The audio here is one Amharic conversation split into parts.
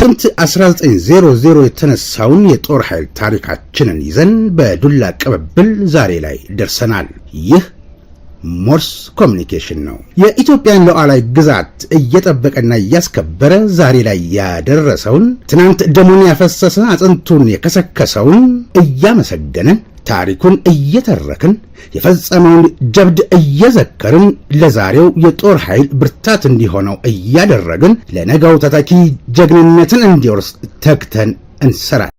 በክረምት 1900 የተነሳውን የጦር ኃይል ታሪካችንን ይዘን በዱላ ቅብብል ዛሬ ላይ ደርሰናል። ይህ ሞርስ ኮሚኒኬሽን ነው። የኢትዮጵያን ሉዓላዊ ግዛት እየጠበቀና እያስከበረ ዛሬ ላይ ያደረሰውን ትናንት ደሙን ያፈሰሰ አጥንቱን የከሰከሰውን እያመሰገነን። ታሪኩን እየተረክን የፈጸመውን ጀብድ እየዘከርን ለዛሬው የጦር ኃይል ብርታት እንዲሆነው እያደረግን ለነገው ተተኪ ጀግንነትን እንዲወርስ ተግተን እንሰራለን።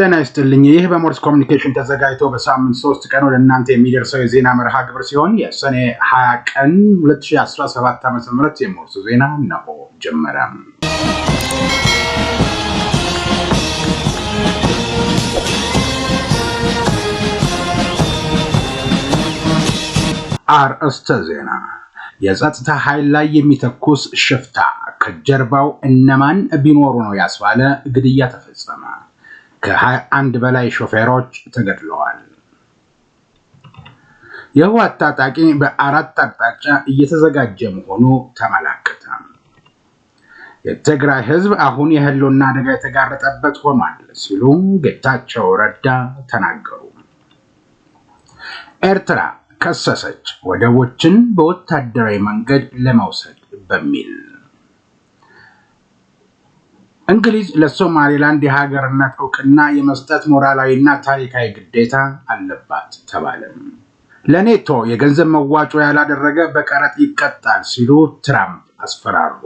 ጤና ይስጥልኝ። ይህ በሞርስ ኮሚኒኬሽን ተዘጋጅቶ በሳምንት ሶስት ቀን ወደ እናንተ የሚደርሰው የዜና መርሃ ግብር ሲሆን የሰኔ 20 ቀን 2017 ዓ.ም የሞርስ ዜና ነው ጀመረ። አርእስተ ዜና የጸጥታ ኃይል ላይ የሚተኩስ ሽፍታ ከጀርባው እነማን ቢኖሩ ነው ያስባለ ግድያ ተፈጸመ። ከ21 በላይ ሾፌሮች ተገድለዋል። የህወሓት ታጣቂ በአራት አቅጣጫ እየተዘጋጀ መሆኑ ተመላከተ። የትግራይ ህዝብ አሁን የህልውና አደጋ የተጋረጠበት ሆኗል ሲሉ ጌታቸው ረዳ ተናገሩ። ኤርትራ ከሰሰች። ወደቦችን በወታደራዊ መንገድ ለመውሰድ በሚል እንግሊዝ ለሶማሌላንድ የሀገርነት እውቅና የመስጠት ሞራላዊና ታሪካዊ ግዴታ አለባት ተባለ። ለኔቶ የገንዘብ መዋጮ ያላደረገ በቀረጥ ይቀጣል ሲሉ ትራምፕ አስፈራሩ።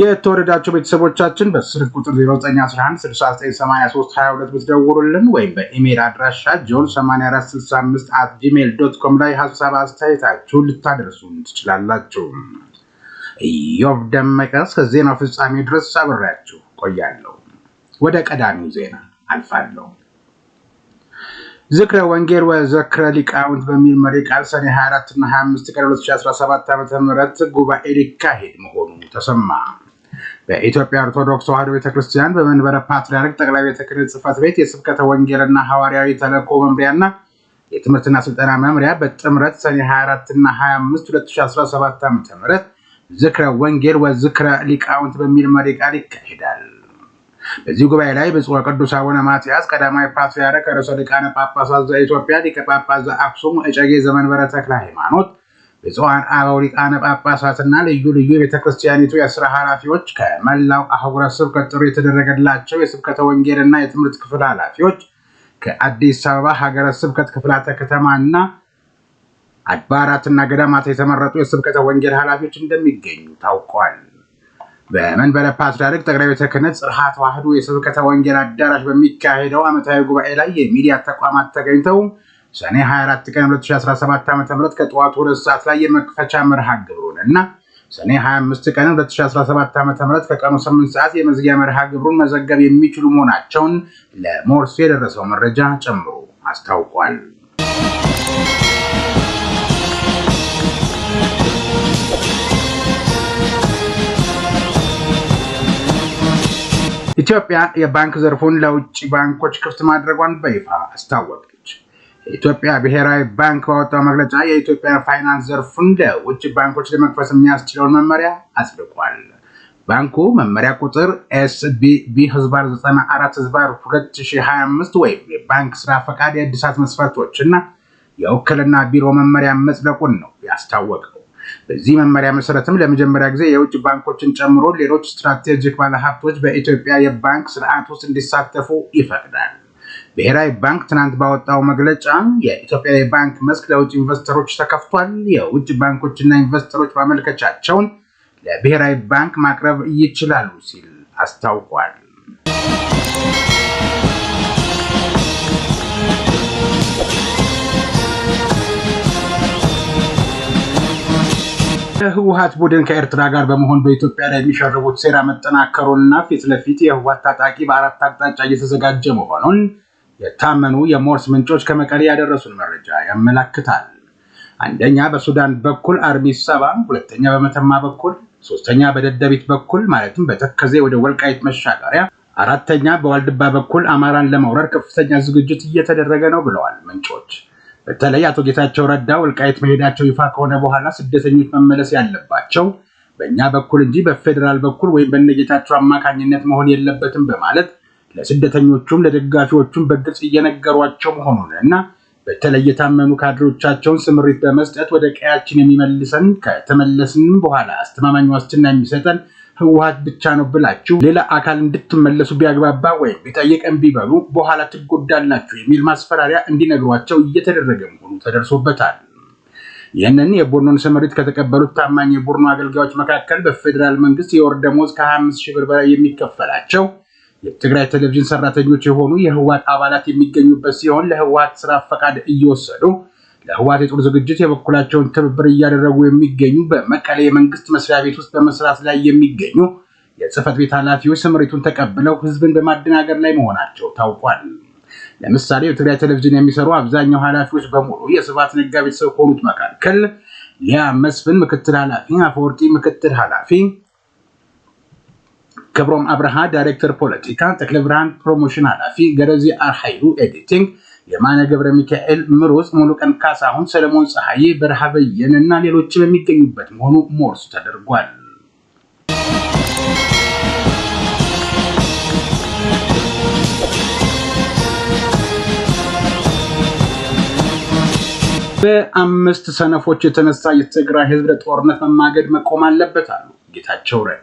የተወደዳቸው ቤተሰቦቻችን በስልክ ቁጥር 0911698322 ብትደውሉልን ወይም በኢሜይል አድራሻ ጆን 8465 አት ጂሜል ዶት ኮም ላይ ሀሳብ አስተያየታችሁን ልታደርሱን ትችላላችሁ። ኢዮብ ደመቀ እስከ ዜናው ፍጻሜ ድረስ አብሬያችሁ ቆያለሁ። ወደ ቀዳሚው ዜና አልፋለሁ። ዝክረ ወንጌል ወዘክረ ሊቃውንት በሚል መሪ ቃል ሰኔ 24 እና 25 ቀን 2017 ዓ ም ጉባኤ ሊካሄድ መሆኑ ተሰማ። በኢትዮጵያ ኦርቶዶክስ ተዋሕዶ ቤተክርስቲያን በመንበረ ፓትርያርክ ጠቅላይ ቤተ ክህነት ጽሕፈት ቤት የስብከተ ወንጌልና ሐዋርያዊ ተልእኮ መምሪያና የትምህርትና ስልጠና መምሪያ በጥምረት ሰኔ 24 እና 25 2017 ዓ ም ዝክረ ወንጌል ወዝክረ ሊቃውንት በሚል መሪ ቃል ይካሄዳል። በዚህ ጉባኤ ላይ ብፁዕ ቅዱስ አቡነ ማትያስ ቀዳማዊ ፓትርያርክ ርዕሰ ሊቃነ ጳጳሳት ዘኢትዮጵያ ሊቀ ጳጳስ ዘአክሱም እጨጌ ዘመንበረ ተክለ ሃይማኖት ብፁዓን አበው ሊቃነ ጳጳሳትና ልዩ ልዩ ቤተክርስቲያኒቱ የስራ ኃላፊዎች ከመላው አህጉረ ስብከት ጥሪ የተደረገላቸው የስብከተ ወንጌልና የትምህርት ክፍል ኃላፊዎች ከአዲስ አበባ ሀገረ ስብከት ክፍላተ ከተማና አድባራትና ገዳማት የተመረጡ የስብከተ ወንጌል ኃላፊዎች እንደሚገኙ ታውቋል። በመንበረ ፓትርያርክ ጠቅላይ ቤተ ክህነት ጽርሐ ተዋሕዶ የስብከተ ወንጌል አዳራሽ በሚካሄደው ዓመታዊ ጉባኤ ላይ የሚዲያ ተቋማት ተገኝተው ሰኔ 24 ቀን 2017 ዓ.ም ከጠዋቱ ሁለት ሰዓት ላይ የመክፈቻ መርሃ ግብሩን እና ሰኔ 25 ቀን 2017 ዓ.ም ከቀኑ 8 ሰዓት የመዝጊያ መርሃ ግብሩን መዘገብ የሚችሉ መሆናቸውን ለሞርስ የደረሰው መረጃ ጨምሮ አስታውቋል። ኢትዮጵያ የባንክ ዘርፉን ለውጭ ባንኮች ክፍት ማድረጓን በይፋ አስታወቀ። ኢትዮጵያ ብሔራዊ ባንክ ባወጣው መግለጫ የኢትዮጵያ ፋይናንስ ዘርፉን ለውጭ ባንኮች ለመክፈት የሚያስችለውን መመሪያ አጽድቋል። ባንኩ መመሪያ ቁጥር ኤስቢቢ ህዝባር 94 ህዝባር 2025 ወይም የባንክ ስራ ፈቃድ የእድሳት መስፈርቶች እና የውክልና ቢሮ መመሪያ መጽደቁን ነው ያስታወቀው። በዚህ መመሪያ መሰረትም ለመጀመሪያ ጊዜ የውጭ ባንኮችን ጨምሮ ሌሎች ስትራቴጂክ ባለሀብቶች በኢትዮጵያ የባንክ ስርዓት ውስጥ እንዲሳተፉ ይፈቅዳል። ብሔራዊ ባንክ ትናንት ባወጣው መግለጫ የኢትዮጵያ ባንክ መስክ ለውጭ ኢንቨስተሮች ተከፍቷል። የውጭ ባንኮችና ኢንቨስተሮች ማመልከቻቸውን ለብሔራዊ ባንክ ማቅረብ ይችላሉ ሲል አስታውቋል። የህወሀት ቡድን ከኤርትራ ጋር በመሆን በኢትዮጵያ ላይ የሚሸርቡት ሴራ መጠናከሩና ፊት ለፊት የህወሀት ታጣቂ በአራት አቅጣጫ እየተዘጋጀ መሆኑን የታመኑ የሞርስ ምንጮች ከመቀሌ ያደረሱን መረጃ ያመላክታል። አንደኛ በሱዳን በኩል አርሚ ሰባ፣ ሁለተኛ በመተማ በኩል፣ ሶስተኛ በደደቢት በኩል ማለትም በተከዜ ወደ ወልቃይት መሻገሪያ፣ አራተኛ በዋልድባ በኩል አማራን ለመውረር ከፍተኛ ዝግጅት እየተደረገ ነው ብለዋል ምንጮች። በተለይ አቶ ጌታቸው ረዳ ወልቃይት መሄዳቸው ይፋ ከሆነ በኋላ ስደተኞች መመለስ ያለባቸው በእኛ በኩል እንጂ በፌዴራል በኩል ወይም በነጌታቸው አማካኝነት መሆን የለበትም በማለት ለስደተኞቹም ለደጋፊዎቹም በግልጽ እየነገሯቸው መሆኑን እና በተለይ የታመኑ ካድሮቻቸውን ስምሪት በመስጠት ወደ ቀያችን የሚመልሰን ከተመለስንም በኋላ አስተማማኝ ዋስትና የሚሰጠን ህወሀት ብቻ ነው ብላችሁ ሌላ አካል እንድትመለሱ ቢያግባባ ወይም ቢጠይቅ ቢበሉ በኋላ ትጎዳላችሁ የሚል ማስፈራሪያ እንዲነግሯቸው እየተደረገ መሆኑ ተደርሶበታል። ይህንን የቡርኖን ስምሪት ከተቀበሉት ታማኝ የቡርኖ አገልጋዮች መካከል በፌዴራል መንግስት የወር ደመወዝ ከ25 ሺህ ብር በላይ የሚከፈላቸው የትግራይ ቴሌቪዥን ሰራተኞች የሆኑ የህወሓት አባላት የሚገኙበት ሲሆን ለህወሓት ስራ ፈቃድ እየወሰዱ ለህወሓት የጦር ዝግጅት የበኩላቸውን ትብብር እያደረጉ የሚገኙ በመቀሌ የመንግስት መስሪያ ቤት ውስጥ በመስራት ላይ የሚገኙ የጽህፈት ቤት ኃላፊዎች ስምሪቱን ተቀብለው ህዝብን በማደናገር ላይ መሆናቸው ታውቋል። ለምሳሌ በትግራይ ቴሌቪዥን የሚሰሩ አብዛኛው ኃላፊዎች በሙሉ የስብሐት ነጋ ቤተሰብ ከሆኑት መካከል ሊያ መስፍን ምክትል ኃላፊ፣ አፈወርቂ ምክትል ኃላፊ ክብሮም አብርሃ ዳይሬክተር ፖለቲካ፣ ተክለ ብርሃን ፕሮሞሽን ኃላፊ፣ ገረዚ አርሃዩ ኤዲቲንግ፣ የማነ ገብረ ሚካኤል፣ ምሩፅ ሙሉቀን፣ ካሳሁን ሰለሞን፣ ፀሐዬ በረሃ በየነ እና ሌሎች በሚገኙበት መሆኑ ሞርስ ተደርጓል። በአምስት ሰነፎች የተነሳ የትግራይ ህዝብ ለጦርነት መማገድ መቆም አለበት አሉ ጌታቸው ረዳ።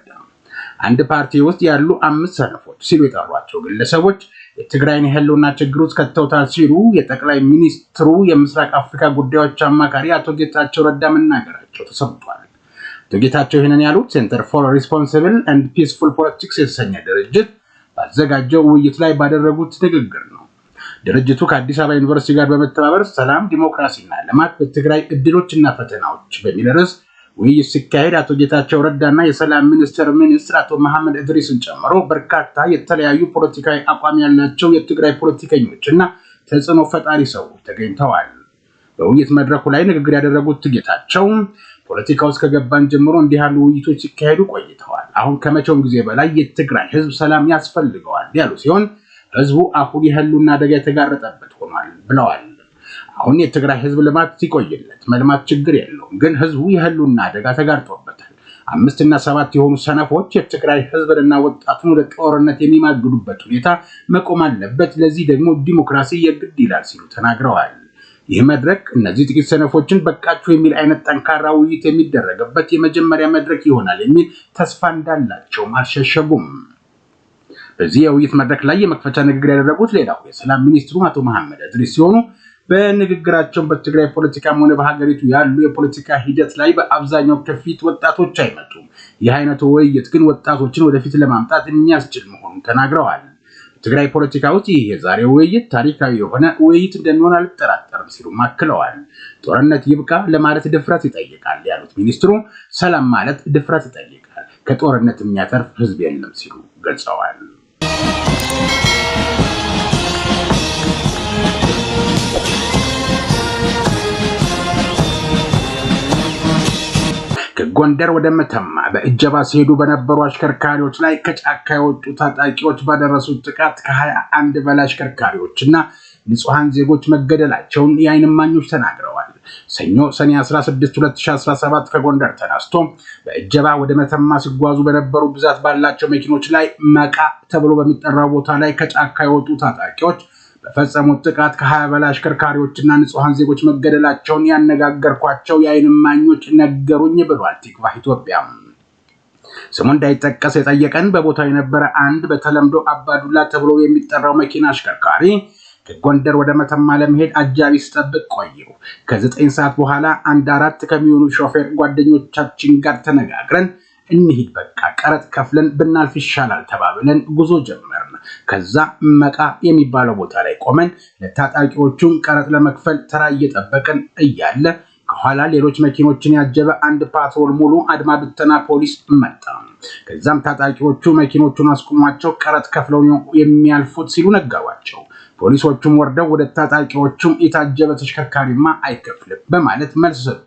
አንድ ፓርቲ ውስጥ ያሉ አምስት ሰነፎች ሲሉ የጠሯቸው ግለሰቦች የትግራይን የህልውና ችግር ውስጥ ከተውታል ሲሉ የጠቅላይ ሚኒስትሩ የምስራቅ አፍሪካ ጉዳዮች አማካሪ አቶ ጌታቸው ረዳ መናገራቸው ተሰምቷል። አቶ ጌታቸው ይህንን ያሉት ሴንተር ፎር ሪስፖንስብል ኤንድ ፒስፉል ፖለቲክስ የተሰኘ ድርጅት ባዘጋጀው ውይይት ላይ ባደረጉት ንግግር ነው። ድርጅቱ ከአዲስ አበባ ዩኒቨርሲቲ ጋር በመተባበር ሰላም፣ ዲሞክራሲና ልማት በትግራይ እድሎችና ፈተናዎች በሚል ርዕስ ውይይት ሲካሄድ አቶ ጌታቸው ረዳና የሰላም ሚኒስቴር ሚኒስትር አቶ መሐመድ እድሪስን ጨምሮ በርካታ የተለያዩ ፖለቲካዊ አቋም ያላቸው የትግራይ ፖለቲከኞች እና ተጽዕኖ ፈጣሪ ሰዎች ተገኝተዋል። በውይይት መድረኩ ላይ ንግግር ያደረጉት ጌታቸው ፖለቲካ ውስጥ ከገባን ጀምሮ እንዲህ ያሉ ውይይቶች ሲካሄዱ ቆይተዋል። አሁን ከመቼውም ጊዜ በላይ የትግራይ ሕዝብ ሰላም ያስፈልገዋል ያሉ ሲሆን ሕዝቡ አሁን የህልውና አደጋ የተጋረጠበት ሆኗል ብለዋል። አሁን የትግራይ ህዝብ ልማት ሲቆይለት መልማት ችግር የለውም፣ ግን ህዝቡ የህሉና አደጋ ተጋርጦበታል። አምስት እና ሰባት የሆኑ ሰነፎች የትግራይ ህዝብንና ወጣቱን ወደ ጦርነት የሚማግዱበት ሁኔታ መቆም አለበት። ለዚህ ደግሞ ዲሞክራሲ የግድ ይላል ሲሉ ተናግረዋል። ይህ መድረክ እነዚህ ጥቂት ሰነፎችን በቃችሁ የሚል አይነት ጠንካራ ውይይት የሚደረግበት የመጀመሪያ መድረክ ይሆናል የሚል ተስፋ እንዳላቸውም አልሸሸጉም። በዚህ የውይይት መድረክ ላይ የመክፈቻ ንግግር ያደረጉት ሌላው የሰላም ሚኒስትሩ አቶ መሐመድ እድሪስ ሲሆኑ በንግግራቸው በትግራይ ፖለቲካም ሆነ በሀገሪቱ ያሉ የፖለቲካ ሂደት ላይ በአብዛኛው ከፊት ወጣቶች አይመጡም። ይህ አይነቱ ውይይት ግን ወጣቶችን ወደፊት ለማምጣት የሚያስችል መሆኑን ተናግረዋል። ትግራይ ፖለቲካ ውስጥ ይህ የዛሬ ውይይት ታሪካዊ የሆነ ውይይት እንደሚሆን አልጠራጠርም ሲሉም አክለዋል። ጦርነት ይብቃ ለማለት ድፍረት ይጠይቃል ያሉት ሚኒስትሩ ሰላም ማለት ድፍረት ይጠይቃል፣ ከጦርነት የሚያተርፍ ህዝብ የለም ሲሉ ገልጸዋል። ጎንደር ወደ መተማ በእጀባ ሲሄዱ በነበሩ አሽከርካሪዎች ላይ ከጫካ የወጡ ታጣቂዎች ባደረሱት ጥቃት ከሀያ አንድ በላይ አሽከርካሪዎች እና ንጹሐን ዜጎች መገደላቸውን የአይንማኞች እማኞች ተናግረዋል። ሰኞ ሰኔ 16 2017 ከጎንደር ተነስቶ በእጀባ ወደ መተማ ሲጓዙ በነበሩ ብዛት ባላቸው መኪኖች ላይ መቃ ተብሎ በሚጠራው ቦታ ላይ ከጫካ የወጡ ታጣቂዎች በፈጸሙት ጥቃት ከሀያ በላይ አሽከርካሪዎችና ንጹሐን ዜጎች መገደላቸውን ያነጋገርኳቸው የአይን እማኞች ነገሩኝ ብሏል ቲክቫህ ኢትዮጵያ። ስሙ እንዳይጠቀስ የጠየቀን በቦታው የነበረ አንድ በተለምዶ አባዱላ ተብሎ የሚጠራው መኪና አሽከርካሪ ከጎንደር ወደ መተማ ለመሄድ አጃቢ ስጠብቅ ቆየው። ከዘጠኝ ሰዓት በኋላ አንድ አራት ከሚሆኑ ሾፌር ጓደኞቻችን ጋር ተነጋግረን እንሂድ በቃ ቀረጥ ከፍለን ብናልፍ ይሻላል ተባብለን ጉዞ ጀመርን። ከዛ መቃ የሚባለው ቦታ ላይ ቆመን ለታጣቂዎቹን ቀረጥ ለመክፈል ተራ እየጠበቅን እያለ ከኋላ ሌሎች መኪኖችን ያጀበ አንድ ፓትሮል ሙሉ አድማ ብተና ፖሊስ መጣ። ከዛም ታጣቂዎቹ መኪኖቹን አስቁሟቸው ቀረጥ ከፍለው የሚያልፉት ሲሉ ነገሯቸው። ፖሊሶቹም ወርደው ወደ ታጣቂዎቹም የታጀበ ተሽከርካሪማ አይከፍልም በማለት መልስ ሰጡ።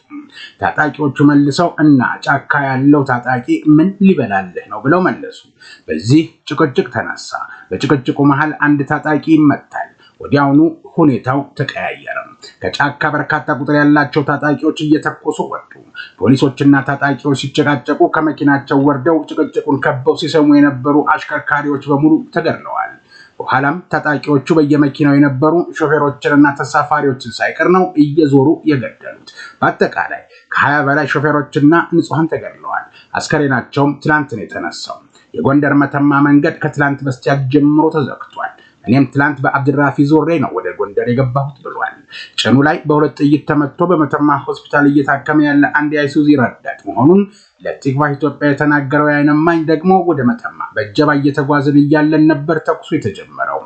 ታጣቂዎቹ መልሰው እና ጫካ ያለው ታጣቂ ምን ሊበላልህ ነው ብለው መለሱ። በዚህ ጭቅጭቅ ተነሳ። በጭቅጭቁ መሃል አንድ ታጣቂ ይመታል። ወዲያውኑ ሁኔታው ተቀያየረ። ከጫካ በርካታ ቁጥር ያላቸው ታጣቂዎች እየተኮሱ ወጡ። ፖሊሶችና ታጣቂዎች ሲጨቃጨቁ ከመኪናቸው ወርደው ጭቅጭቁን ከበው ሲሰሙ የነበሩ አሽከርካሪዎች በሙሉ ተገድለዋል። በኋላም ታጣቂዎቹ በየመኪናው የነበሩ ሾፌሮችንና ተሳፋሪዎችን ሳይቀር ነው እየዞሩ የገደሉት። በአጠቃላይ ከሀያ በላይ ሾፌሮችና ንጹሐን ተገድለዋል። አስከሬናቸውም ትናንት ነው የተነሳው። የጎንደር መተማ መንገድ ከትላንት በስቲያ ጀምሮ ተዘግቷል። እኔም ትላንት በአብድራፊ ዞሬ ነው ወደ ጎንደር የገባሁት ብሏል። ጭኑ ላይ በሁለት ጥይት ተመትቶ በመተማ ሆስፒታል እየታከመ ያለ አንድ የአይሱዚ ረዳት መሆኑን ለቲክቫህ ኢትዮጵያ የተናገረው የዓይን እማኝ ደግሞ ወደ መተማ በጀባ እየተጓዝን እያለን ነበር ተኩሱ የተጀመረው።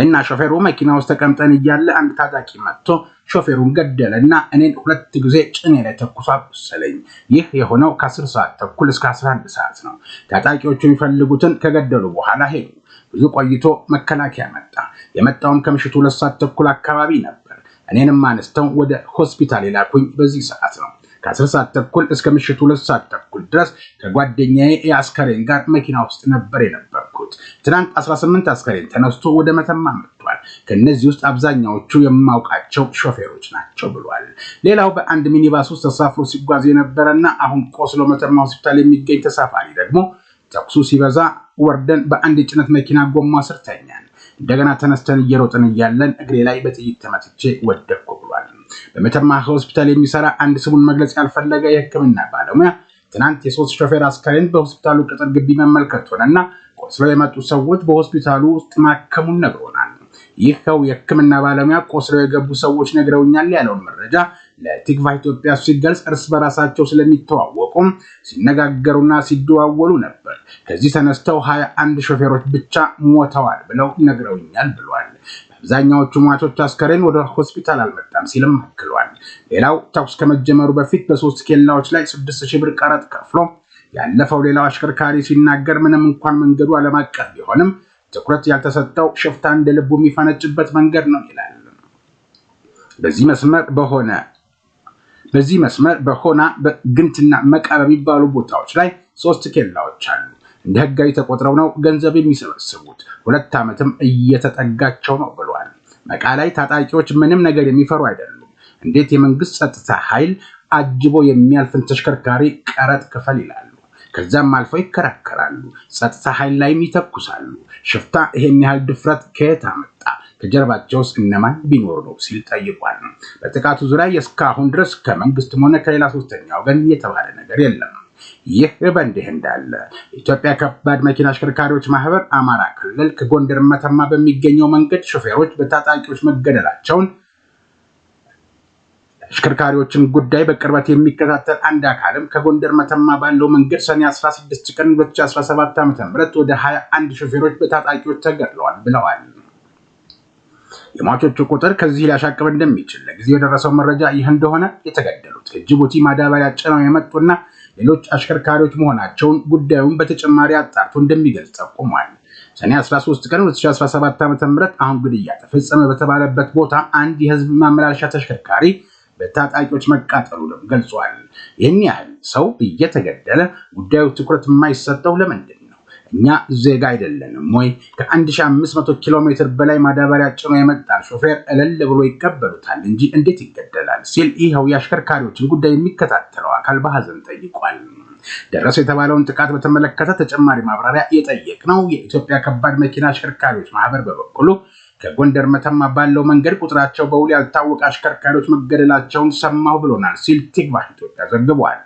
እኔና ሾፌሩ መኪና ውስጥ ተቀምጠን እያለ አንድ ታጣቂ መጥቶ ሾፌሩን ገደለ እና እኔን ሁለት ጊዜ ጭኔ ላይ ተኩሶ አቆሰለኝ። ይህ የሆነው ከ10 ሰዓት ተኩል እስከ 11 ሰዓት ነው። ታጣቂዎቹ የሚፈልጉትን ከገደሉ በኋላ ሄዱ። ብዙ ቆይቶ መከላከያ መጣ። የመጣውም ከምሽቱ ሁለት ሰዓት ተኩል አካባቢ ነበር። እኔንም አነስተው ወደ ሆስፒታል የላኩኝ በዚህ ሰዓት ነው። ከአስር ሰዓት ተኩል እስከ ምሽቱ ሁለት ሰዓት ተኩል ድረስ ከጓደኛዬ የአስከሬን ጋር መኪና ውስጥ ነበር የነበርኩት። ትናንት 18 አስከሬን ተነስቶ ወደ መተማ መጥቷል። ከእነዚህ ውስጥ አብዛኛዎቹ የማውቃቸው ሾፌሮች ናቸው ብሏል። ሌላው በአንድ ሚኒባስ ውስጥ ተሳፍሮ ሲጓዝ የነበረና አሁን ቆስሎ መተማ ሆስፒታል የሚገኝ ተሳፋሪ ደግሞ ተኩሱ ሲበዛ ወርደን በአንድ የጭነት መኪና ጎማ ስር ተኛን። እንደገና ተነስተን እየሮጥን እያለን እግሬ ላይ በጥይት ተመትቼ ወደቅኩ ብሏል። በመተማ ሆስፒታል የሚሰራ አንድ ስሙን መግለጽ ያልፈለገ የሕክምና ባለሙያ ትናንት የሶስት ሾፌር አስከሬን በሆስፒታሉ ቅጥር ግቢ መመልከት ሆነና ቆስለው የመጡ ሰዎች በሆስፒታሉ ውስጥ ማከሙን ነግሮናል። ይኸው የሕክምና ባለሙያ ቆስለው የገቡ ሰዎች ነግረውኛል ያለውን መረጃ ለቲክቫ ኢትዮጵያ ሲገልጽ እርስ በራሳቸው ስለሚተዋወቁም ሲነጋገሩና ሲደዋወሉ ነበር። ከዚህ ተነስተው ሀያ አንድ ሾፌሮች ብቻ ሞተዋል ብለው ነግረውኛል ብሏል። በአብዛኛዎቹ ሟቾች አስከሬን ወደ ሆስፒታል አልመጣም ሲልም አክሏል። ሌላው ተኩስ ከመጀመሩ በፊት በሶስት ኬላዎች ላይ ስድስት ሺህ ብር ቀረጥ ከፍሎ ያለፈው ሌላው አሽከርካሪ ሲናገር ምንም እንኳን መንገዱ ዓለም አቀፍ ቢሆንም ትኩረት ያልተሰጠው ሽፍታ እንደ ልቡ የሚፈነጭበት መንገድ ነው ይላል። በዚህ መስመር በሆነ በዚህ መስመር በሆና በግንትና መቃ በሚባሉ ቦታዎች ላይ ሶስት ኬላዎች አሉ። እንደ ህጋዊ ተቆጥረው ነው ገንዘብ የሚሰበስቡት። ሁለት ዓመትም እየተጠጋቸው ነው ብሏል። መቃ ላይ ታጣቂዎች ምንም ነገር የሚፈሩ አይደሉም። እንዴት የመንግስት ጸጥታ ኃይል አጅቦ የሚያልፍን ተሽከርካሪ ቀረጥ ክፈል ይላሉ። ከዛም አልፈው ይከራከራሉ። ጸጥታ ኃይል ላይም ይተኩሳሉ። ሽፍታ ይሄን ያህል ድፍረት ከየት አመጣ? ከጀርባቸው እነማን ቢኖር ነው ሲል ጠይቋል። በጥቃቱ ዙሪያ እስካሁን ድረስ ከመንግስትም ሆነ ከሌላ ሶስተኛ ወገን የተባለ ነገር የለም። ይህ በእንዲህ እንዳለ የኢትዮጵያ ከባድ መኪና አሽከርካሪዎች ማህበር አማራ ክልል ከጎንደር መተማ በሚገኘው መንገድ ሾፌሮች በታጣቂዎች መገደላቸውን አሽከርካሪዎችን ጉዳይ በቅርበት የሚከታተል አንድ አካልም ከጎንደር መተማ ባለው መንገድ ሰኔ 16 ቀን 2017 ዓ.ም ወደ 21 ሾፌሮች በታጣቂዎች ተገድለዋል ብለዋል። የሟቾቹ ቁጥር ከዚህ ሊያሻቅብ እንደሚችል ለጊዜው የደረሰው መረጃ ይህ እንደሆነ የተገደሉት ከጅቡቲ ማዳበሪያ ጭነው የመጡና ሌሎች አሽከርካሪዎች መሆናቸውን ጉዳዩን በተጨማሪ አጣርቶ እንደሚገልጽ ጠቁሟል። ሰኔ 13 ቀን 2017 ዓ.ም አሁን ግድያ ተፈጸመ በተባለበት ቦታ አንድ የህዝብ ማመላለሻ ተሽከርካሪ በታጣቂዎች መቃጠሉንም ገልጿል። ይህን ያህል ሰው እየተገደለ ጉዳዩ ትኩረት የማይሰጠው ለምንድን እኛ ዜጋ አይደለንም ወይ? ከ1500 ኪሎ ሜትር በላይ ማዳበሪያ ጭኖ የመጣ ሾፌር እለል ብሎ ይቀበሉታል እንጂ እንዴት ይገደላል? ሲል ይኸው የአሽከርካሪዎችን ጉዳይ የሚከታተለው አካል በሀዘን ጠይቋል። ደረሰ የተባለውን ጥቃት በተመለከተ ተጨማሪ ማብራሪያ የጠየቅነው የኢትዮጵያ ከባድ መኪና አሽከርካሪዎች ማህበር በበኩሉ ከጎንደር መተማ ባለው መንገድ ቁጥራቸው በውል ያልታወቀ አሽከርካሪዎች መገደላቸውን ሰማሁ ብሎናል ሲል ቲግቫህ ኢትዮጵያ ዘግቧል።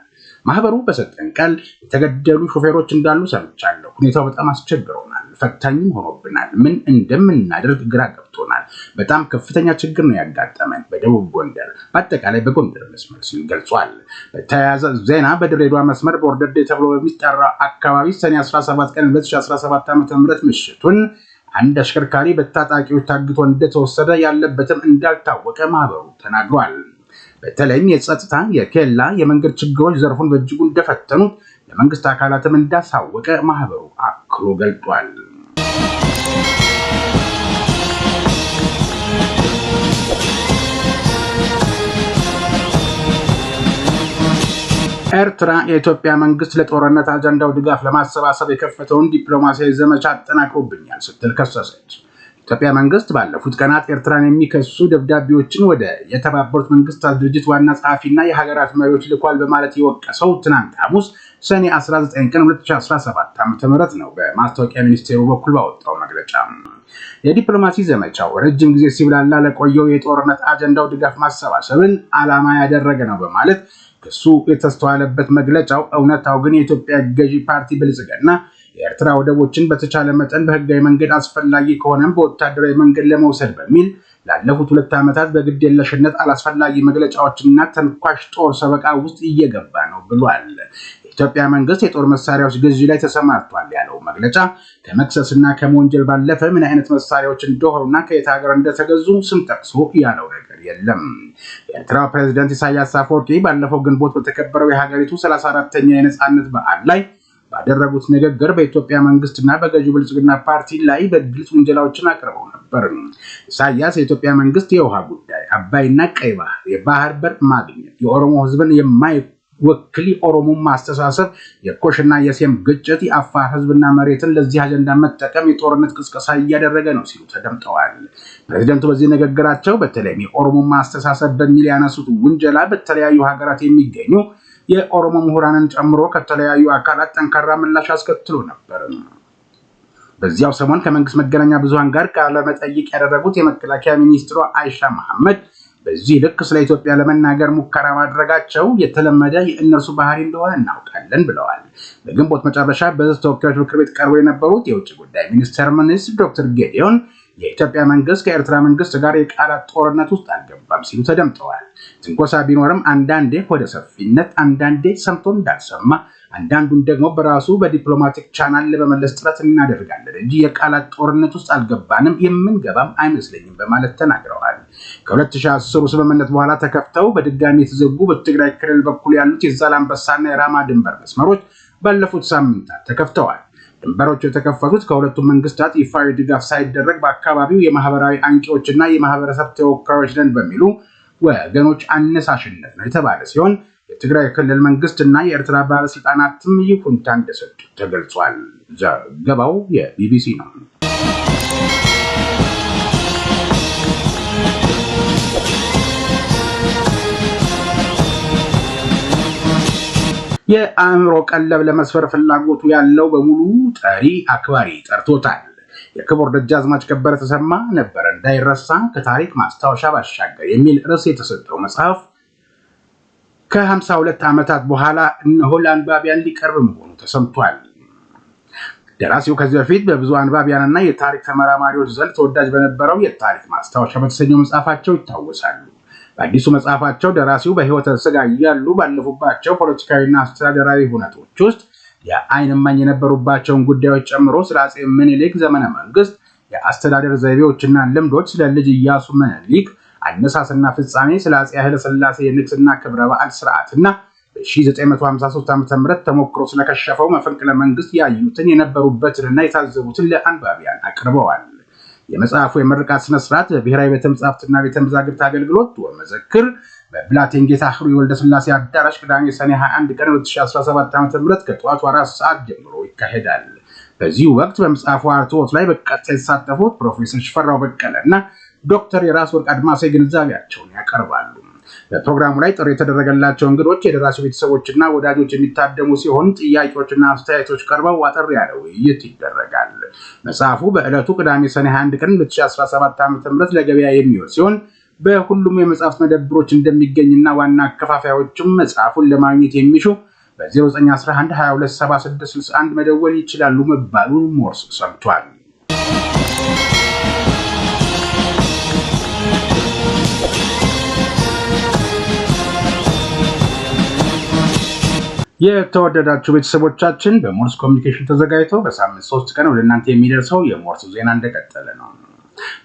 ማህበሩ በሰጠን ቃል የተገደሉ ሾፌሮች እንዳሉ ሰምቻለሁ። ሁኔታው በጣም አስቸግሮናል፣ ፈታኝም ሆኖብናል። ምን እንደምናደርግ ግራ ገብቶናል። በጣም ከፍተኛ ችግር ነው ያጋጠመን በደቡብ ጎንደር፣ በአጠቃላይ በጎንደር መስመር ሲል ገልጿል። በተያያዘ ዜና በድሬዳዋ መስመር ቦርደዴ ተብሎ በሚጠራ አካባቢ ሰኔ 17 ቀን 2017 ዓ ም ምሽቱን አንድ አሽከርካሪ በታጣቂዎች ታግቶ እንደተወሰደ ያለበትም እንዳልታወቀ ማህበሩ ተናግሯል። በተለይም የጸጥታ የኬላ የመንገድ ችግሮች ዘርፉን በእጅጉ እንደፈተኑት ለመንግስት አካላትም እንዳሳወቀ ማህበሩ አክሎ ገልጧል። ኤርትራ የኢትዮጵያ መንግስት ለጦርነት አጀንዳው ድጋፍ ለማሰባሰብ የከፈተውን ዲፕሎማሲያዊ ዘመቻ አጠናክሮብኛል ስትል ከሰሰች። የኢትዮጵያ መንግስት ባለፉት ቀናት ኤርትራን የሚከሱ ደብዳቤዎችን ወደ የተባበሩት መንግስታት ድርጅት ዋና ጸሐፊና የሀገራት መሪዎች ልኳል በማለት የወቀሰው ትናንት ሐሙስ ሰኔ 19 ቀን 2017 ዓ.ም ነው። በማስታወቂያ ሚኒስቴሩ በኩል ባወጣው መግለጫ የዲፕሎማሲ ዘመቻው ረጅም ጊዜ ሲብላላ ለቆየው የጦርነት አጀንዳው ድጋፍ ማሰባሰብን ዓላማ ያደረገ ነው በማለት ክሱ የተስተዋለበት መግለጫው እውነታው ግን የኢትዮጵያ ገዢ ፓርቲ ብልጽግና የኤርትራ ወደቦችን በተቻለ መጠን በህጋዊ መንገድ አስፈላጊ ከሆነም በወታደራዊ መንገድ ለመውሰድ በሚል ላለፉት ሁለት ዓመታት በግድ የለሽነት አላስፈላጊ መግለጫዎችና ተንኳሽ ጦር ሰበቃ ውስጥ እየገባ ነው ብሏል። የኢትዮጵያ መንግስት የጦር መሳሪያዎች ግዢ ላይ ተሰማርቷል ያለው መግለጫ ከመክሰስና ከመወንጀል ባለፈ ምን አይነት መሳሪያዎች እንደሆኑና ከየት ሀገር እንደተገዙ ስም ጠቅሶ ያለው ነገር የለም። የኤርትራ ፕሬዚደንት ኢሳያስ አፈወርቂ ባለፈው ግንቦት በተከበረው የሀገሪቱ 34ተኛ የነፃነት በዓል ላይ ባደረጉት ንግግር በኢትዮጵያ መንግስትና በገዢው ብልጽግና ፓርቲ ላይ በግልጽ ውንጀላዎችን አቅርበው ነበር። ኢሳያስ የኢትዮጵያ መንግስት የውሃ ጉዳይ፣ አባይና ቀይ ባህር፣ የባህር በር ማግኘት፣ የኦሮሞ ህዝብን የማይወክል የኦሮሞን ማስተሳሰብ፣ የኮሽና የሴም ግጭት፣ የአፋር ህዝብና መሬትን ለዚህ አጀንዳ መጠቀም የጦርነት ቅስቀሳ እያደረገ ነው ሲሉ ተደምጠዋል። ፕሬዚደንቱ በዚህ ንግግራቸው በተለይም የኦሮሞ ማስተሳሰብ በሚል ያነሱት ውንጀላ በተለያዩ ሀገራት የሚገኙ የኦሮሞ ምሁራንን ጨምሮ ከተለያዩ አካላት ጠንካራ ምላሽ አስከትሎ ነበር። በዚያው ሰሞን ከመንግስት መገናኛ ብዙሃን ጋር ቃለ መጠይቅ ያደረጉት የመከላከያ ሚኒስትሯ አይሻ መሐመድ በዚህ ልክ ስለ ኢትዮጵያ ለመናገር ሙከራ ማድረጋቸው የተለመደ የእነርሱ ባህሪ እንደሆነ እናውቃለን ብለዋል። በግንቦት መጨረሻ በተወካዮች ተወካዮች ምክር ቤት ቀርበው የነበሩት የውጭ ጉዳይ ሚኒስቴር ሚኒስትር ዶክተር ጌዲዮን የኢትዮጵያ መንግስት ከኤርትራ መንግስት ጋር የቃላት ጦርነት ውስጥ አልገባም ሲሉ ተደምጠዋል። ትንኮሳ ቢኖርም አንዳንዴ ወደ ሰፊነት፣ አንዳንዴ ሰምቶ እንዳልሰማ፣ አንዳንዱን ደግሞ በራሱ በዲፕሎማቲክ ቻናል ለመመለስ ጥረት እናደርጋለን እንጂ የቃላት ጦርነት ውስጥ አልገባንም፣ የምንገባም አይመስለኝም በማለት ተናግረዋል። ከ2010 ስምምነት በኋላ ተከፍተው በድጋሚ የተዘጉ በትግራይ ክልል በኩል ያሉት የዛላንበሳና የራማ ድንበር መስመሮች ባለፉት ሳምንታት ተከፍተዋል። ድንበሮቹ የተከፈቱት ከሁለቱም መንግስታት ይፋዊ ድጋፍ ሳይደረግ በአካባቢው የማህበራዊ አንቂዎችና የማህበረሰብ ተወካዮች ነን በሚሉ ወገኖች አነሳሽነት ነው የተባለ ሲሆን የትግራይ ክልል መንግስት እና የኤርትራ ባለስልጣናትም ይሁንታ እንደሰጡ ተገልጿል። ዘገባው የቢቢሲ ነው። የአእምሮ ቀለብ ለመስፈር ፍላጎቱ ያለው በሙሉ ጠሪ አክባሪ ጠርቶታል። የክቡር ደጃዝማች ከበረ ተሰማ ነበረ እንዳይረሳ ከታሪክ ማስታወሻ ባሻገር የሚል ርዕስ የተሰጠው መጽሐፍ ከ52 ዓመታት በኋላ እነሆ ለአንባቢያን ሊቀርብ መሆኑ ተሰምቷል። ደራሲው ከዚህ በፊት በብዙ አንባቢያንና የታሪክ ተመራማሪዎች ዘንድ ተወዳጅ በነበረው የታሪክ ማስታወሻ በተሰኘው መጽሐፋቸው ይታወሳሉ። በአዲሱ መጽሐፋቸው ደራሲው በህይወት ስጋ እያሉ ባለፉባቸው ፖለቲካዊና አስተዳደራዊ ሁነቶች ውስጥ የአይንማኝ እማኝ የነበሩባቸውን ጉዳዮች ጨምሮ ስለ አፄ ምኒልክ ዘመነ መንግስት የአስተዳደር ዘይቤዎችና ልምዶች፣ ስለ ልጅ እያሱ ምኒልክ አነሳስና ፍጻሜ፣ ስለ አፄ ስላሴ የንግስና ክብረ በዓል ስርዓትና በ1953 ዓ ም ተሞክሮ ስለከሸፈው መፈንቅለ መንግስት ያዩትን የነበሩበትንና የታዘቡትን ለአንባቢያን አቅርበዋል። የመጽሐፉ የምርቃት ስነስርዓት በብሔራዊ ቤተመጻፍትና ቤተመዛግብት አገልግሎት ወመዘክር ጌታ ህሩ የወልደ ስላሴ አዳራሽ ቅዳሜ ሰኔ 21 ቀን 2017 ዓ.ም ከጠዋቱ አራት ሰዓት ጀምሮ ይካሄዳል። በዚህ ወቅት በመጽሐፉ አርትዖት ላይ በቀጥታ የተሳተፉት ፕሮፌሰር ሽፈራው በቀለ እና ዶክተር የራስ ወርቅ አድማሴ ግንዛቤያቸውን ያቀርባሉ። በፕሮግራሙ ላይ ጥሪ የተደረገላቸው እንግዶች፣ የደራሲ ቤተሰቦችና ወዳጆች የሚታደሙ ሲሆን ጥያቄዎችና አስተያየቶች ቀርበው አጠር ያለ ውይይት ይደረጋል። መጽሐፉ በዕለቱ ቅዳሜ ሰኔ 21 ቀን 2017 ዓ ም ለገበያ የሚውል ሲሆን በሁሉም የመጽሐፍት መደብሮች እንደሚገኝና ዋና አከፋፋዮችም መጽሐፉን ለማግኘት የሚሹ በ0911227661 መደወል ይችላሉ መባሉን ሞርስ ሰምቷል። የተወደዳችሁ ቤተሰቦቻችን በሞርስ ኮሚኒኬሽን ተዘጋጅቶ በሳምንት ሶስት ቀን ወደ እናንተ የሚደርሰው የሞርስ ዜና እንደቀጠለ ነው።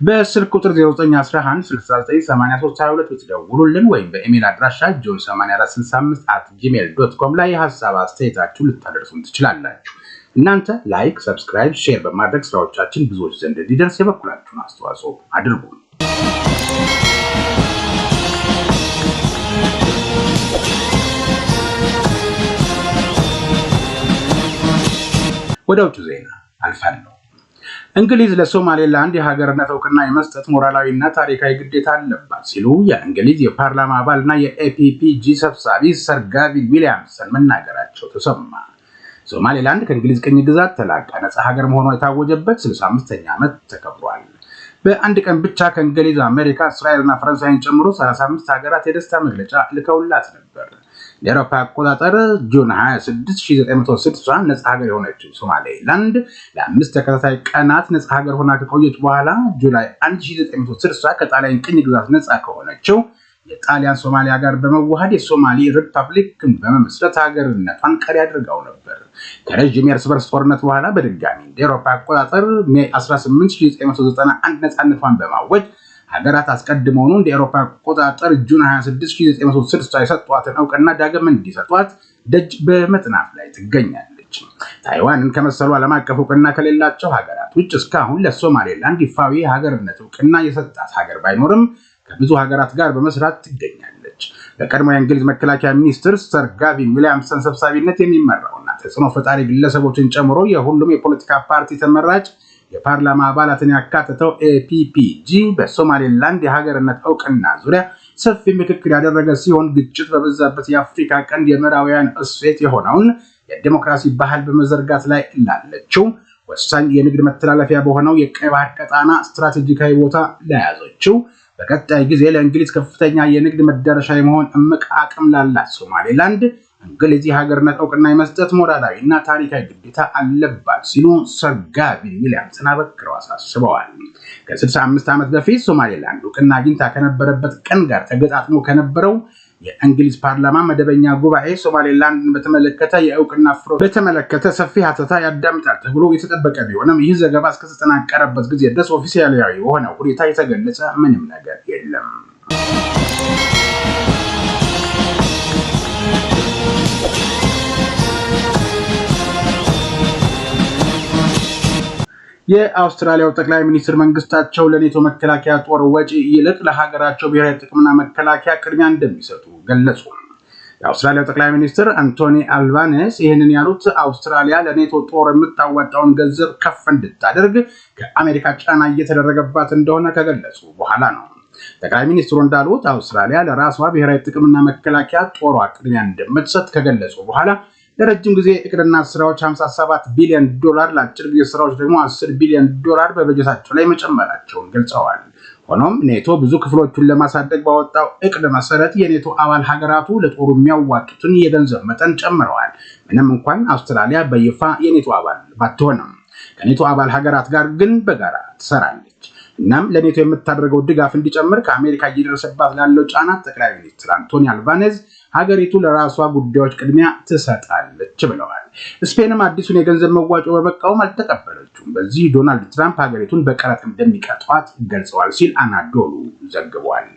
በስልክ ቁጥር 6982 ብትደውሉልን ወይም በኢሜል አድራሻ ጆን 8465 አት ጂሜል ዶት ኮም ላይ የሀሳብ አስተያየታችሁ ልታደርሱን ትችላላችሁ። እናንተ ላይክ፣ ሰብስክራይብ፣ ሼር በማድረግ ስራዎቻችን ብዙዎች ዘንድ እንዲደርስ የበኩላችሁን አስተዋጽኦ አድርጉ። ወደ ውጭ ዜና አልፋለሁ። እንግሊዝ ለሶማሌላንድ የሀገርነት እውቅና የመስጠት ሞራላዊና ታሪካዊ ግዴታ አለባት ሲሉ የእንግሊዝ የፓርላማ አባልና የኤፒፒጂ ሰብሳቢ ሰር ጋቪን ዊሊያምሰን መናገራቸው ተሰማ። ሶማሌላንድ ከእንግሊዝ ቅኝ ግዛት ተላቃ ነፃ ሀገር መሆኗ የታወጀበት 65ኛ ዓመት ተከብሯል። በአንድ ቀን ብቻ ከእንግሊዝ፣ አሜሪካ፣ እስራኤል እና ፈረንሳይን ጨምሮ 35 ሀገራት የደስታ መግለጫ ልከውላት ነበር። ለአውሮፓ አቆጣጠር ጁን 26 1960 ነጻ ሀገር የሆነችው ሶማሌላንድ ለአምስት ተከታታይ ቀናት ነጻ ሀገር ሆና ከቆየች በኋላ ጁላይ 1960 ከጣሊያን ቅኝ ግዛት ነጻ ከሆነችው የጣሊያን ሶማሊያ ጋር በመዋሃድ የሶማሊ ሪፐብሊክን በመመስረት ሀገርነቷን ቀሪ አድርገው ነበር። ከረዥም የእርስ በርስ ጦርነት በኋላ በድጋሚ እንደ አውሮፓ አቆጣጠር ሜይ ነፃነቷን ነጻነቷን በማወጅ ሀገራት አስቀድመውኑ እንደ አውሮፓ አቆጣጠር ጁን 26 1960 የሰጧትን እውቅና ዳግም እንዲሰጧት ደጅ በመጥናፍ ላይ ትገኛለች። ታይዋንን ከመሰሉ ዓለም አቀፍ እውቅና ከሌላቸው ሀገራት ውጭ እስካሁን ለሶማሌላንድ ይፋዊ የሀገርነት እውቅና የሰጣት ሀገር ባይኖርም ከብዙ ሀገራት ጋር በመስራት ትገኛለች። በቀድሞ የእንግሊዝ መከላከያ ሚኒስትር ሰር ጋቪን ዊሊያምሰን ሰብሳቢነት የሚመራውና ተጽዕኖ ፈጣሪ ግለሰቦችን ጨምሮ የሁሉም የፖለቲካ ፓርቲ ተመራጭ የፓርላማ አባላትን ያካተተው ኤፒፒጂ በሶማሌላንድ የሀገርነት እውቅና ዙሪያ ሰፊ ምክክር ያደረገ ሲሆን ግጭት በበዛበት የአፍሪካ ቀንድ የምዕራባውያን እሴት የሆነውን የዲሞክራሲ ባህል በመዘርጋት ላይ ላለችው ወሳኝ የንግድ መተላለፊያ በሆነው የቀይ ባህር ቀጣና ስትራቴጂካዊ ቦታ ለያዘችው በቀጣይ ጊዜ ለእንግሊዝ ከፍተኛ የንግድ መዳረሻ የመሆን እምቅ አቅም ላላት ሶማሌላንድ እንግሊዝ የሀገርነት እውቅና የመስጠት ሞራላዊ እና ታሪካዊ ግዴታ አለባት ሲሉ ሰጋቢ ዊሊያምስን አበክረው አሳስበዋል። ከ65 ዓመት በፊት ሶማሌላንድ እውቅና አግኝታ ከነበረበት ቀን ጋር ተገጣጥሞ ከነበረው የእንግሊዝ ፓርላማ መደበኛ ጉባኤ ሶማሌላንድን በተመለከተ የእውቅና ፍሮ በተመለከተ ሰፊ ሀተታ ያዳምጣል ተብሎ የተጠበቀ ቢሆንም ይህ ዘገባ እስከተጠናቀረበት ጊዜ ድረስ ኦፊሴላዊ የሆነ ሁኔታ የተገለጸ ምንም ነገር የለም። የአውስትራሊያው ጠቅላይ ሚኒስትር መንግስታቸው ለኔቶ መከላከያ ጦር ወጪ ይልቅ ለሀገራቸው ብሔራዊ ጥቅምና መከላከያ ቅድሚያ እንደሚሰጡ ገለጹ። የአውስትራሊያው ጠቅላይ ሚኒስትር አንቶኒ አልባኔስ ይህንን ያሉት አውስትራሊያ ለኔቶ ጦር የምታዋጣውን ገንዘብ ከፍ እንድታደርግ ከአሜሪካ ጫና እየተደረገባት እንደሆነ ከገለጹ በኋላ ነው። ጠቅላይ ሚኒስትሩ እንዳሉት አውስትራሊያ ለራሷ ብሔራዊ ጥቅምና መከላከያ ጦሯ ቅድሚያ እንደምትሰጥ ከገለጹ በኋላ ለረጅም ጊዜ እቅድና ስራዎች 57 ቢሊዮን ዶላር፣ ለአጭር ጊዜ ስራዎች ደግሞ 10 ቢሊዮን ዶላር በበጀታቸው ላይ መጨመራቸውን ገልጸዋል። ሆኖም ኔቶ ብዙ ክፍሎቹን ለማሳደግ ባወጣው እቅድ መሰረት የኔቶ አባል ሀገራቱ ለጦሩ የሚያዋጡትን የገንዘብ መጠን ጨምረዋል። ምንም እንኳን አውስትራሊያ በይፋ የኔቶ አባል ባትሆንም ከኔቶ አባል ሀገራት ጋር ግን በጋራ ትሰራለች። እናም ለኔቶ የምታደርገው ድጋፍ እንዲጨምር ከአሜሪካ እየደረሰባት ላለው ጫና ጠቅላይ ሚኒስትር አንቶኒ አልባኔዝ ሀገሪቱ ለራሷ ጉዳዮች ቅድሚያ ትሰጣለች ብለዋል። ስፔንም አዲሱን የገንዘብ መዋጮ በመቃወም አልተቀበለችውም። በዚህ ዶናልድ ትራምፕ ሀገሪቱን በቀረጥ እንደሚቀጧት ገልጸዋል ሲል አናዶሉ ዘግቧል።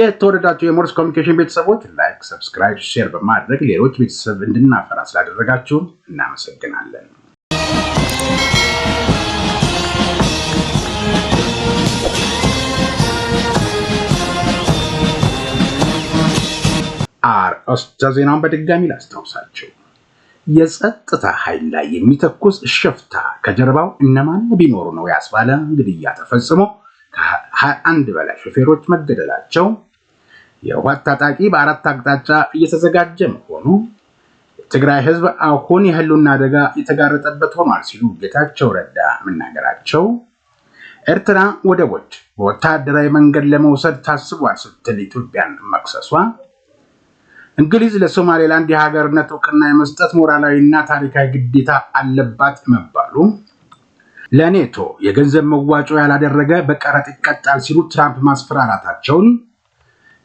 የተወደዳቸው የሞርስ ኮሚኒኬሽን ቤተሰቦች ላይክ፣ ሰብስክራይብ፣ ሼር በማድረግ ሌሎች ቤተሰብ እንድናፈራ ስላደረጋችሁ እናመሰግናለን። አርእስተ ዜናውን በድጋሚ ላስታውሳቸው። የጸጥታ ኃይል ላይ የሚተኩስ ሽፍታ ከጀርባው እነማን ቢኖሩ ነው ያስባለ ግድያ ተፈጽሞ ከ21 በላይ ሾፌሮች መገደላቸው የህወሓት ታጣቂ በአራት አቅጣጫ እየተዘጋጀ መሆኑ የትግራይ ህዝብ አሁን የህልውና አደጋ የተጋረጠበት ሆኗል ሲሉ ጌታቸው ረዳ መናገራቸው፣ ኤርትራ ወደቦች በወታደራዊ መንገድ ለመውሰድ ታስቧል ስትል ኢትዮጵያን መክሰሷ፣ እንግሊዝ ለሶማሌላንድ የሀገርነት እውቅና የመስጠት ሞራላዊና ታሪካዊ ግዴታ አለባት መባሉ፣ ለኔቶ የገንዘብ መዋጮ ያላደረገ በቀረጥ ይቀጣል ሲሉ ትራምፕ ማስፈራራታቸውን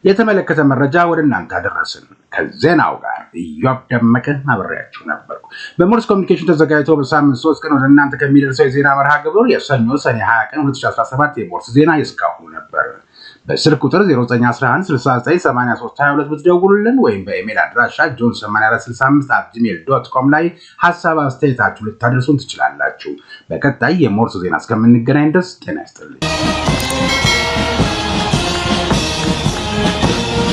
የተመለከተ መረጃ ወደ እናንተ አደረስን። ከዜናው ጋር እዮብ ደመቀ አብሬያችሁ ነበርኩ። በሞርስ ኮሚኒኬሽን ተዘጋጅቶ በሳምንት ሶስት ቀን ወደ እናንተ ከሚደርሰው የዜና መርሃ ግብር የሰኞ ሰኔ 20 ቀን 2017 የሞርስ ዜና የእስካሁኑ ነበር። በስልክ ቁጥር 0911698322 ብትደውሉልን ወይም በኢሜል አድራሻ ጆን 8465 ጂሜል ዶት ኮም ላይ ሀሳብ አስተያየታችሁ ልታደርሱን ትችላላችሁ። በቀጣይ የሞርስ ዜና እስከምንገናኝ ድረስ ጤና ይስጥልኝ። Thank you.